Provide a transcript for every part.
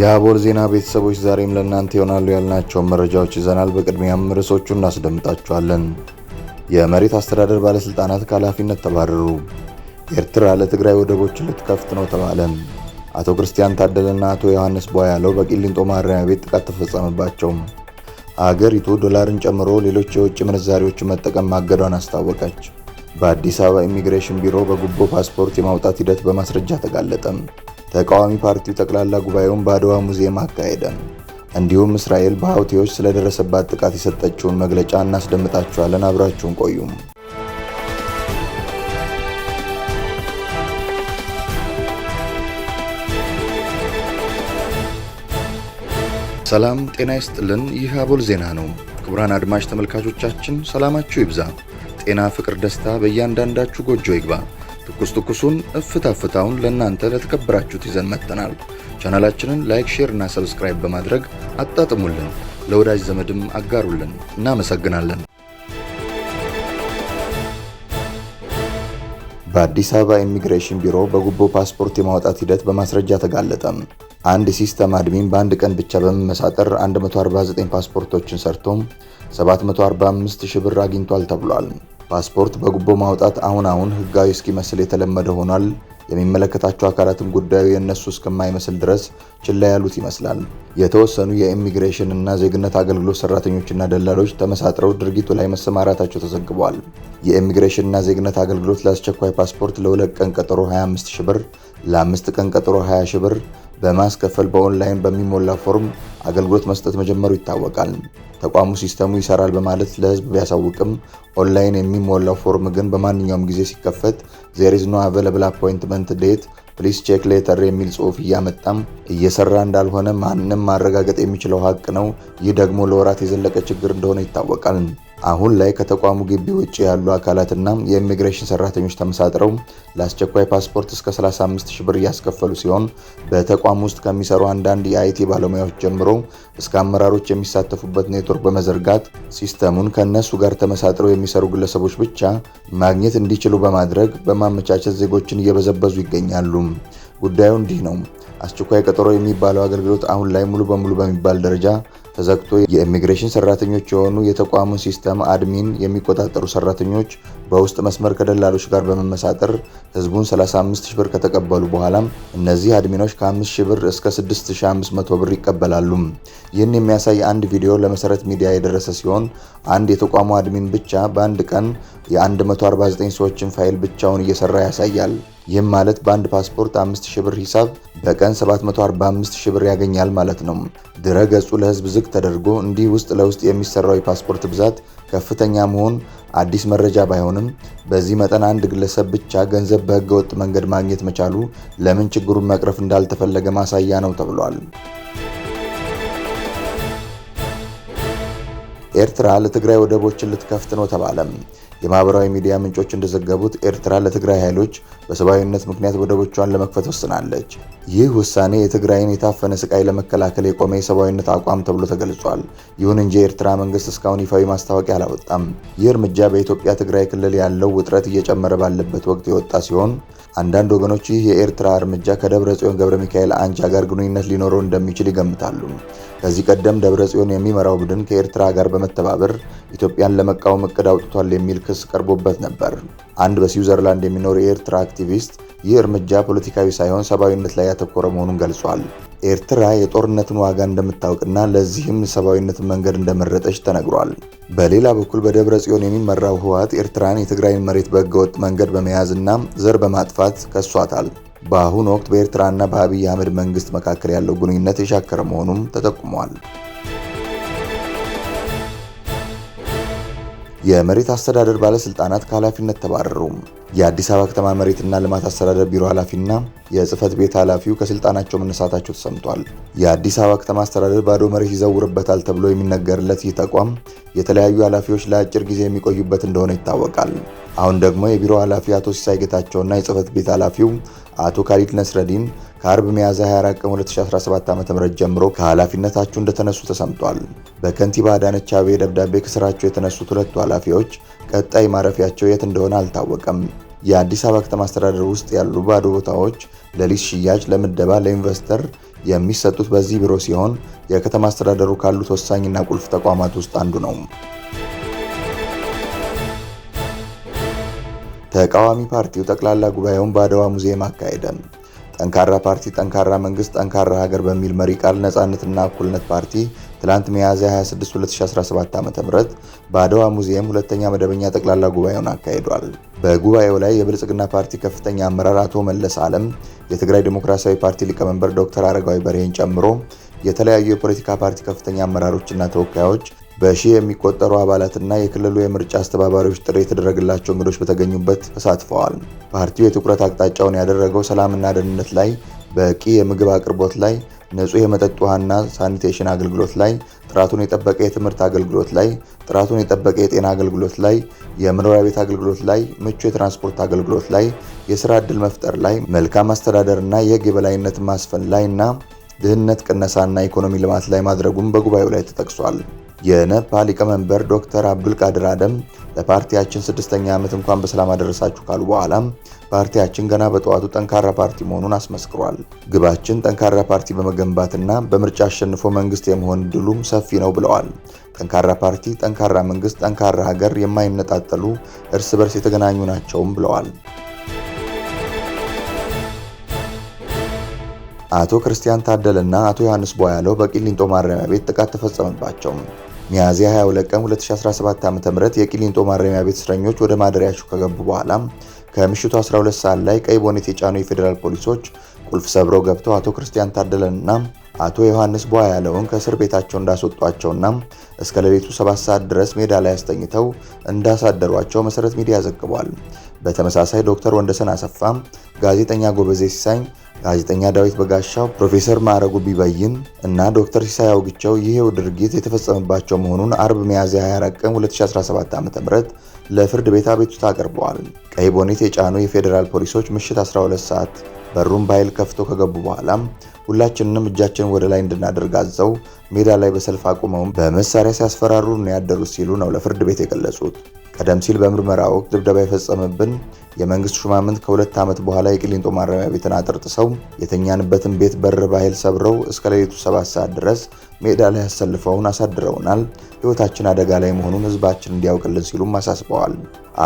የአቦል ዜና ቤተሰቦች ዛሬም ለእናንተ ይሆናሉ ያልናቸውን መረጃዎች ይዘናል። በቅድሚያም ርዕሶቹ እናስደምጣቸዋለን። የመሬት አስተዳደር ባለሥልጣናት ከኃላፊነት ተባረሩ። ኤርትራ ለትግራይ ወደቦች ልትከፍት ነው ተባለ። አቶ ክርስቲያን ታደለና አቶ ዮሐንስ ያለው በቂሊንጦ ማረሚያ ቤት ጥቃት ተፈጸመባቸው። አገሪቱ ዶላርን ጨምሮ ሌሎች የውጭ ምንዛሪዎችን መጠቀም ማገዷን አስታወቀች። በአዲስ አበባ ኢሚግሬሽን ቢሮ በጉቦ ፓስፖርት የማውጣት ሂደት በማስረጃ ተጋለጠም። ተቃዋሚ ፓርቲው ጠቅላላ ጉባኤውን በአድዋ ሙዚየም አካሄደ። እንዲሁም እስራኤል በሀውቴዎች ስለደረሰባት ጥቃት የሰጠችውን መግለጫ እናስደምጣችኋለን። አብራችሁን ቆዩም። ሰላም ጤና ይስጥልን። ይህ አቦል ዜና ነው። ክቡራን አድማጭ ተመልካቾቻችን ሰላማችሁ ይብዛ፣ ጤና፣ ፍቅር፣ ደስታ በእያንዳንዳችሁ ጎጆ ይግባ። ትኩስ ትኩሱን እፍታ ፍታውን ለእናንተ ለተከበራችሁት ይዘን መጥተናል። ቻናላችንን ላይክ፣ ሼር እና ሰብስክራይብ በማድረግ አጣጥሙልን፣ ለወዳጅ ዘመድም አጋሩልን። እናመሰግናለን። በአዲስ አበባ ኢሚግሬሽን ቢሮ በጉቦ ፓስፖርት የማውጣት ሂደት በማስረጃ ተጋለጠ አንድ ሲስተም አድሚን በአንድ ቀን ብቻ በመመሳጠር 149 ፓስፖርቶችን ሰርቶም 745 ሺህ ብር አግኝቷል ተብሏል። ፓስፖርት በጉቦ ማውጣት አሁን አሁን ህጋዊ እስኪመስል የተለመደ ሆኗል። የሚመለከታቸው አካላትም ጉዳዩ የእነሱ እስከማይመስል ድረስ ችላ ያሉት ይመስላል። የተወሰኑ የኢሚግሬሽን እና ዜግነት አገልግሎት ሰራተኞችና ደላሎች ተመሳጥረው ድርጊቱ ላይ መሰማራታቸው ተዘግበዋል። የኢሚግሬሽን እና ዜግነት አገልግሎት ለአስቸኳይ ፓስፖርት ለሁለት ቀን ቀጠሮ 25 ሺ ብር፣ ለአምስት ቀን ቀጠሮ 20 ሺ ብር በማስከፈል በኦንላይን በሚሞላ ፎርም አገልግሎት መስጠት መጀመሩ ይታወቃል። ተቋሙ ሲስተሙ ይሰራል በማለት ለህዝብ ቢያሳውቅም ኦንላይን የሚሞላው ፎርም ግን በማንኛውም ጊዜ ሲከፈት ዜር ኖ አቬለብል አፖይንትመንት ዴት ፕሊስ ቼክ ሌተር የሚል ጽሁፍ እያመጣም እየሰራ እንዳልሆነ ማንም ማረጋገጥ የሚችለው ሀቅ ነው። ይህ ደግሞ ለወራት የዘለቀ ችግር እንደሆነ ይታወቃል። አሁን ላይ ከተቋሙ ግቢ ውጭ ያሉ አካላትና የኢሚግሬሽን ሰራተኞች ተመሳጥረው ለአስቸኳይ ፓስፖርት እስከ 35 ሺህ ብር እያስከፈሉ ሲሆን በተቋም ውስጥ ከሚሰሩ አንዳንድ የአይቲ ባለሙያዎች ጀምሮ እስከ አመራሮች የሚሳተፉበት ኔትወርክ በመዘርጋት ሲስተሙን ከእነሱ ጋር ተመሳጥረው የሚሰሩ ግለሰቦች ብቻ ማግኘት እንዲችሉ በማድረግ በማመቻቸት ዜጎችን እየበዘበዙ ይገኛሉ። ጉዳዩ እንዲህ ነው። አስቸኳይ ቀጠሮ የሚባለው አገልግሎት አሁን ላይ ሙሉ በሙሉ በሚባል ደረጃ ተዘግቶ የኢሚግሬሽን ሰራተኞች የሆኑ የተቋሙን ሲስተም አድሚን የሚቆጣጠሩ ሰራተኞች በውስጥ መስመር ከደላሎች ጋር በመመሳጠር ህዝቡን 35 ሺህ ብር ከተቀበሉ በኋላም እነዚህ አድሚኖች ከ5 ብር እስከ 6500 ብር ይቀበላሉ። ይህን የሚያሳይ አንድ ቪዲዮ ለመሰረት ሚዲያ የደረሰ ሲሆን አንድ የተቋሙ አድሚን ብቻ በአንድ ቀን የ149 ሰዎችን ፋይል ብቻውን እየሰራ ያሳያል። ይህም ማለት በአንድ ፓስፖርት 5000 ብር ሂሳብ በቀን 745000 ብር ያገኛል ማለት ነው። ድረ ገጹ ለህዝብ ዝግ ተደርጎ እንዲህ ውስጥ ለውስጥ የሚሰራው የፓስፖርት ብዛት ከፍተኛ መሆን አዲስ መረጃ ባይሆንም በዚህ መጠን አንድ ግለሰብ ብቻ ገንዘብ በህገወጥ መንገድ ማግኘት መቻሉ ለምን ችግሩን መቅረፍ እንዳልተፈለገ ማሳያ ነው ተብሏል። ኤርትራ ለትግራይ ወደቦችን ልትከፍት ነው ተባለም። የማህበራዊ ሚዲያ ምንጮች እንደዘገቡት ኤርትራ ለትግራይ ኃይሎች በሰብአዊነት ምክንያት ወደቦቿን ለመክፈት ወስናለች። ይህ ውሳኔ የትግራይን የታፈነ ስቃይ ለመከላከል የቆመ የሰብአዊነት አቋም ተብሎ ተገልጿል። ይሁን እንጂ የኤርትራ መንግስት እስካሁን ይፋዊ ማስታወቂያ አላወጣም። ይህ እርምጃ በኢትዮጵያ ትግራይ ክልል ያለው ውጥረት እየጨመረ ባለበት ወቅት የወጣ ሲሆን አንዳንድ ወገኖች ይህ የኤርትራ እርምጃ ከደብረ ጽዮን ገብረ ሚካኤል አንጃ ጋር ግንኙነት ሊኖረው እንደሚችል ይገምታሉ። ከዚህ ቀደም ደብረ ጽዮን የሚመራው ቡድን ከኤርትራ ጋር በመተባበር ኢትዮጵያን ለመቃወም እቅድ አውጥቷል የሚል ክስ ቀርቦበት ነበር። አንድ በስዊዘርላንድ የሚኖር የኤርትራ አክቲቪስት ይህ እርምጃ ፖለቲካዊ ሳይሆን ሰብአዊነት ላይ ያተኮረ መሆኑን ገልጿል። ኤርትራ የጦርነትን ዋጋ እንደምታውቅና ለዚህም ሰብአዊነትን መንገድ እንደመረጠች ተነግሯል። በሌላ በኩል በደብረ ጽዮን የሚመራው ህወሓት ኤርትራን የትግራይን መሬት በህገወጥ መንገድ በመያዝና ዘር በማጥፋት ከሷታል። በአሁኑ ወቅት በኤርትራና በአብይ አህመድ መንግስት መካከል ያለው ግንኙነት የሻከረ መሆኑም ተጠቁሟል። የመሬት አስተዳደር ባለስልጣናት ከኃላፊነት ተባረሩ። የአዲስ አበባ ከተማ መሬትና ልማት አስተዳደር ቢሮ ኃላፊና የጽህፈት ቤት ኃላፊው ከስልጣናቸው መነሳታቸው ተሰምቷል። የአዲስ አበባ ከተማ አስተዳደር ባዶ መሬት ይዘውርበታል ተብሎ የሚነገርለት ይህ ተቋም የተለያዩ ኃላፊዎች ለአጭር ጊዜ የሚቆዩበት እንደሆነ ይታወቃል። አሁን ደግሞ የቢሮ ኃላፊ አቶ ሲሳይ ጌታቸውና የጽህፈት ቤት ኃላፊው አቶ ካሊድ ነስረዲን ከአርብ ሚያዝያ 24 ቀን 2017 ም ጀምሮ ከኃላፊነታቸው እንደተነሱ ተሰምቷል። በከንቲባ አዳነች አቤቤ ደብዳቤ ከስራቸው የተነሱት ሁለቱ ኃላፊዎች ቀጣይ ማረፊያቸው የት እንደሆነ አልታወቀም። የአዲስ አበባ ከተማ አስተዳደር ውስጥ ያሉ ባዶ ቦታዎች ለሊዝ ሽያጭ፣ ለምደባ፣ ለኢንቨስተር የሚሰጡት በዚህ ቢሮ ሲሆን የከተማ አስተዳደሩ ካሉት ወሳኝና ቁልፍ ተቋማት ውስጥ አንዱ ነው። ተቃዋሚ ፓርቲው ጠቅላላ ጉባኤውን በአድዋ ሙዚየም አካሄደም። ጠንካራ ፓርቲ ጠንካራ መንግስት ጠንካራ ሀገር በሚል መሪ ቃል ነፃነትና እኩልነት ፓርቲ ትላንት ሚያዝያ 26 2017 ዓ.ም በአድዋ ሙዚየም ሁለተኛ መደበኛ ጠቅላላ ጉባኤውን አካሂዷል። በጉባኤው ላይ የብልጽግና ፓርቲ ከፍተኛ አመራር አቶ መለስ አለም፣ የትግራይ ዴሞክራሲያዊ ፓርቲ ሊቀመንበር ዶክተር አረጋዊ በርሄን ጨምሮ የተለያዩ የፖለቲካ ፓርቲ ከፍተኛ አመራሮችና ተወካዮች በሺህ የሚቆጠሩ አባላትና የክልሉ የምርጫ አስተባባሪዎች ጥሪ የተደረገላቸው እንግዶች በተገኙበት ተሳትፈዋል። ፓርቲው የትኩረት አቅጣጫውን ያደረገው ሰላምና ደህንነት ላይ፣ በቂ የምግብ አቅርቦት ላይ፣ ንጹህ የመጠጥ ውሃና ሳኒቴሽን አገልግሎት ላይ፣ ጥራቱን የጠበቀ የትምህርት አገልግሎት ላይ፣ ጥራቱን የጠበቀ የጤና አገልግሎት ላይ፣ የመኖሪያ ቤት አገልግሎት ላይ፣ ምቹ የትራንስፖርት አገልግሎት ላይ፣ የስራ ዕድል መፍጠር ላይ፣ መልካም አስተዳደርና የህግ የበላይነት ማስፈን ላይ እና ድህነት ቅነሳና ኢኮኖሚ ልማት ላይ ማድረጉም በጉባኤው ላይ ተጠቅሷል። የነፓ ሊቀመንበር ዶክተር አብዱልቃድር አደም ለፓርቲያችን ስድስተኛ ዓመት እንኳን በሰላም አደረሳችሁ ካሉ በኋላ ፓርቲያችን ገና በጠዋቱ ጠንካራ ፓርቲ መሆኑን አስመስክሯል። ግባችን ጠንካራ ፓርቲ በመገንባትና በምርጫ አሸንፎ መንግስት የመሆን እድሉም ሰፊ ነው ብለዋል። ጠንካራ ፓርቲ፣ ጠንካራ መንግስት፣ ጠንካራ ሀገር የማይነጣጠሉ እርስ በርስ የተገናኙ ናቸውም ብለዋል። አቶ ክርስቲያን ታደለና አቶ ዮሐንስ ቦያለው በቂሊንጦ ማረሚያ ቤት ጥቃት ተፈጸመባቸው። ሚያዝያ 22 ቀን 2017 ዓ.ም የቂሊንጦ ማረሚያ ቤት እስረኞች ወደ ማደሪያቸው ከገቡ በኋላ ከምሽቱ 12 ሰዓት ላይ ቀይ ቦኔት የጫኑ የፌዴራል ፖሊሶች ቁልፍ ሰብረው ገብተው አቶ ክርስቲያን ታደለንና አቶ ዮሐንስ ቧ ያለውን ከእስር ቤታቸው እንዳስወጧቸውና እስከ ሌሊቱ 7 ሰዓት ድረስ ሜዳ ላይ አስተኝተው እንዳሳደሯቸው መሰረት ሚዲያ ዘግቧል። በተመሳሳይ ዶክተር ወንደሰን አሰፋ፣ ጋዜጠኛ ጎበዜ ሲሳኝ ጋዜጠኛ ዳዊት በጋሻው፣ ፕሮፌሰር ማዕረጉ ቢበይን እና ዶክተር ሲሳይ አውግቸው ይሄው ድርጊት የተፈጸመባቸው መሆኑን አርብ ሚያዝያ 24 ቀን 2017 ዓ.ም ለፍርድ ቤት አቤቱታ አቅርበዋል። ቀይ ቦኔት የጫኑ የፌዴራል ፖሊሶች ምሽት 12 ሰዓት በሩን በኃይል ከፍቶ ከገቡ በኋላም ሁላችንንም እጃችንን ወደ ላይ እንድናደርግ አዘው ሜዳ ላይ በሰልፍ አቁመውም በመሳሪያ ሲያስፈራሩ ነው ያደሩት ሲሉ ነው ለፍርድ ቤት የገለጹት። ቀደም ሲል በምርመራ ወቅት ድብደባ የፈጸመብን የመንግስት ሹማምንት ከሁለት ዓመት በኋላ የቅሊንጦ ማረሚያ ቤትን አጥርጥሰው የተኛንበትን ቤት በር በኃይል ሰብረው እስከ ሌሊቱ ሰባት ሰዓት ድረስ ሜዳ ላይ አሰልፈውን አሳድረውናል። ሕይወታችን አደጋ ላይ መሆኑን ህዝባችን እንዲያውቅልን ሲሉም አሳስበዋል።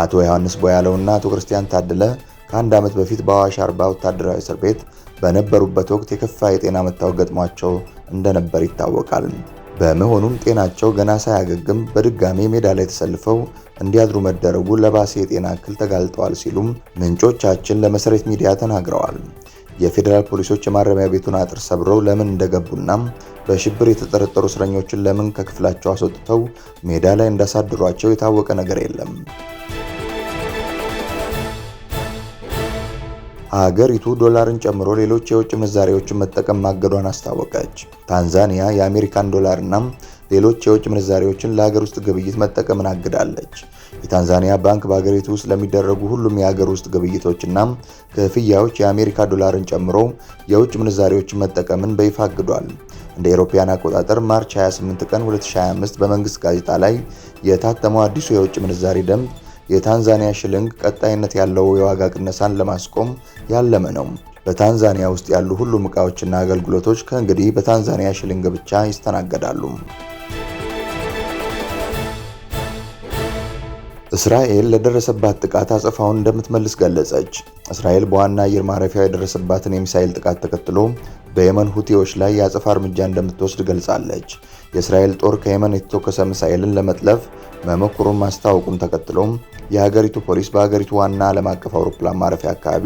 አቶ ዮሐንስ ቦያለውና አቶ ክርስቲያን ታደለ ከአንድ ዓመት በፊት በአዋሽ አርባ ወታደራዊ እስር ቤት በነበሩበት ወቅት የከፋ የጤና መታወቅ ገጥሟቸው እንደነበር ይታወቃል። በመሆኑም ጤናቸው ገና ሳያገግም በድጋሜ ሜዳ ላይ ተሰልፈው እንዲያድሩ መደረጉ ለባሴ የጤና እክል ተጋልጠዋል ሲሉም ምንጮቻችን ለመሰረት ሚዲያ ተናግረዋል። የፌዴራል ፖሊሶች የማረሚያ ቤቱን አጥር ሰብረው ለምን እንደገቡና በሽብር የተጠረጠሩ እስረኞችን ለምን ከክፍላቸው አስወጥተው ሜዳ ላይ እንዳሳድሯቸው የታወቀ ነገር የለም። ሀገሪቱ ዶላርን ጨምሮ ሌሎች የውጭ ምንዛሬዎችን መጠቀም ማገዷን አስታወቀች። ታንዛኒያ የአሜሪካን ዶላርና ሌሎች የውጭ ምንዛሬዎችን ለሀገር ውስጥ ግብይት መጠቀምን አግዳለች። የታንዛኒያ ባንክ በሀገሪቱ ውስጥ ለሚደረጉ ሁሉም የሀገር ውስጥ ግብይቶችና ክፍያዎች የአሜሪካ ዶላርን ጨምሮ የውጭ ምንዛሬዎችን መጠቀምን በይፋ አግዷል። እንደ ኤሮፓያን አቆጣጠር ማርች 28 ቀን 2025 በመንግስት ጋዜጣ ላይ የታተመው አዲሱ የውጭ ምንዛሬ ደንብ የታንዛኒያ ሽልንግ ቀጣይነት ያለው የዋጋ ቅነሳን ለማስቆም ያለመ ነው። በታንዛኒያ ውስጥ ያሉ ሁሉም እቃዎችና አገልግሎቶች ከእንግዲህ በታንዛኒያ ሽልንግ ብቻ ይስተናገዳሉ። እስራኤል ለደረሰባት ጥቃት አጸፋውን እንደምትመልስ ገለጸች። እስራኤል በዋና አየር ማረፊያ የደረሰባትን የሚሳኤል ጥቃት ተከትሎ በየመን ሁቲዎች ላይ የአጸፋ እርምጃ እንደምትወስድ ገልጻለች። የእስራኤል ጦር ከየመን የተተኮሰ ሚሳኤልን ለመጥለፍ መሞከሩን ማስታወቁን ተከትሎም የሀገሪቱ ፖሊስ በሀገሪቱ ዋና ዓለም አቀፍ አውሮፕላን ማረፊያ አካባቢ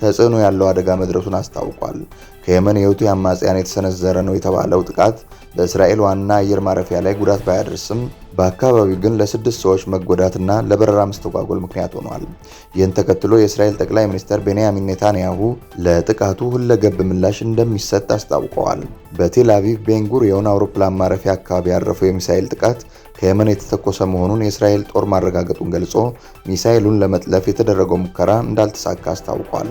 ተጽዕኖ ያለው አደጋ መድረሱን አስታውቋል። ከየመን የሁቲ አማጽያን የተሰነዘረ ነው የተባለው ጥቃት በእስራኤል ዋና አየር ማረፊያ ላይ ጉዳት ባያደርስም በአካባቢው ግን ለስድስት ሰዎች መጎዳትና ለበረራ መስተጓጎል ምክንያት ሆኗል። ይህን ተከትሎ የእስራኤል ጠቅላይ ሚኒስትር ቤንያሚን ኔታንያሁ ለጥቃቱ ሁለገብ ምላሽ እንደሚሰጥ አስታውቀዋል። በቴል አቪቭ ቤንጉሪዮን አውሮፕላን ማረፊያ አካባቢ ያረፈው የሚሳኤል ጥቃት ከየመን የተተኮሰ መሆኑን የእስራኤል ጦር ማረጋገጡን ገልጾ ሚሳኤሉን ለመጥለፍ የተደረገው ሙከራ እንዳልተሳካ አስታውቋል።